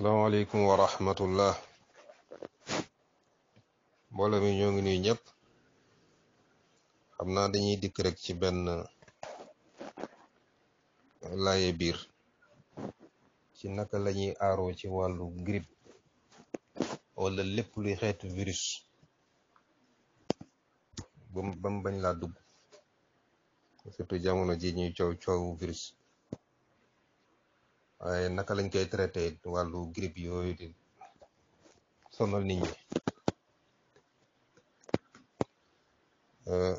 asalaamaaleykum wa rahmatullah mbooloo mi ñoo ngi nuyu ñëpp xam naa dañuy dikk rekk ci benn laaye biir ci naka lañuy aaroo ci wàllu grippe wala lépp luy xeetu virus bam bañ laa dugg surtout jamono ji ñuy coow coowu virus waaye naka lañ koy traité wàllu grippe yooyu di sonal niñ ñi euh,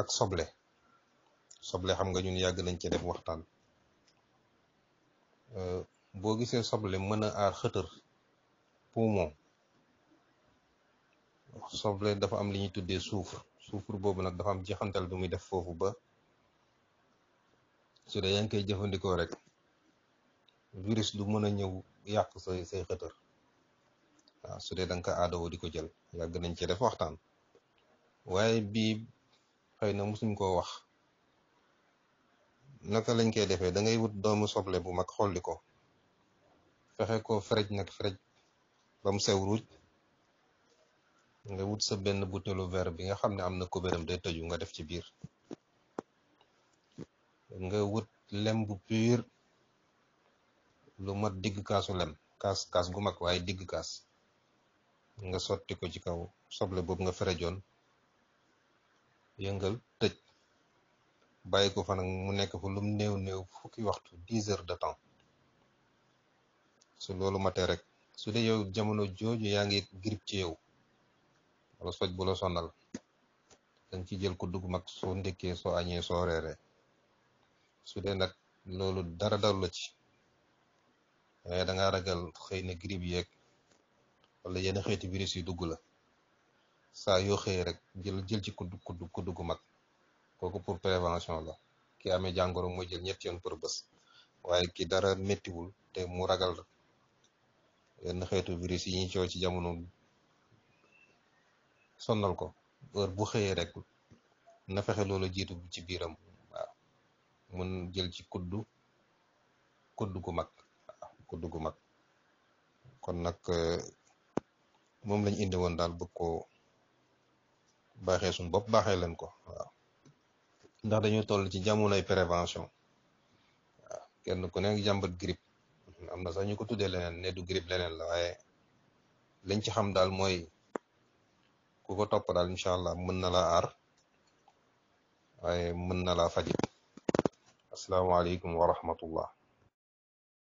ak soble soble xam nga ñun yàgg nañ ci def waxtaan euh, boo gisee soble mën a aar xëtër poumon soble dafa am li ñuy tuddee soufre soufre boobu nag dafa am jeexantal bi muy def foofu ba su dee yaa ngi koy jëfandikoo rek virus du mën a ñëw yàq say say xëtër waaw su dee da nga ko di ko jël yàgg nañ ci def waxtaan waaye bii xëy na musuñ koo wax naka lañ koy defee da ngay wut doomu soble bu mag xolli ko fexe ko frej nag frej ba mu sew ruuj nga wut sa benn butéelu verre bi nga xam ne am na kubéeram day tëju nga def ci biir nga wut lem bu pur lu mat digg kaasu lem kaas kaas gu mag waaye digg kaas nga sotti ko ci kaw soble boobu nga fere joon yëngal tëj bàyyi ko fa nag mu nekk fa lum néew néew fukki waxtu dix heures de temps su loolu matee rek su dee yow jamono jooju yaa ngi grippe ci yow wala soj bu la sonal danga ci jël ko dugg mag soo ndekkee soo añee soo reeree su dee nag loolu dara dalu la ci mais da ngaa ragal xëy na grippe yeeg wala yenn xeeti virus yi dugg la saa yoo xëyee rek jël jël ci kudd kudd kudd gu mag kooku pour prévention la ki amee jàngoro mooy jël ñetti yon pour bés waaye ki dara méttiwul te mu ragal yenn xeetu virus yi ñuy coow ci jamono sonnal ko heure bu xëyee rek na fexe loolu jiitu ci biiram waaw mun jël ci kudd kudd gu mag ku dugg mag kon nag eh, moom lañ indi woon daal bëgg koo baaxee suñu bopp baaxee leen ko waaw ndax dañoo toll ci jamonoy prévention waaw kenn ku nekk jàmbat grippe am na sax ñu ko tuddee leneen ne du grippe leneen la waaye lañ ci xam daal mooy ku ko topp daal incha allah mën na laa aar waaye mën na laa faj asalaamaaleykum wa rahmatullah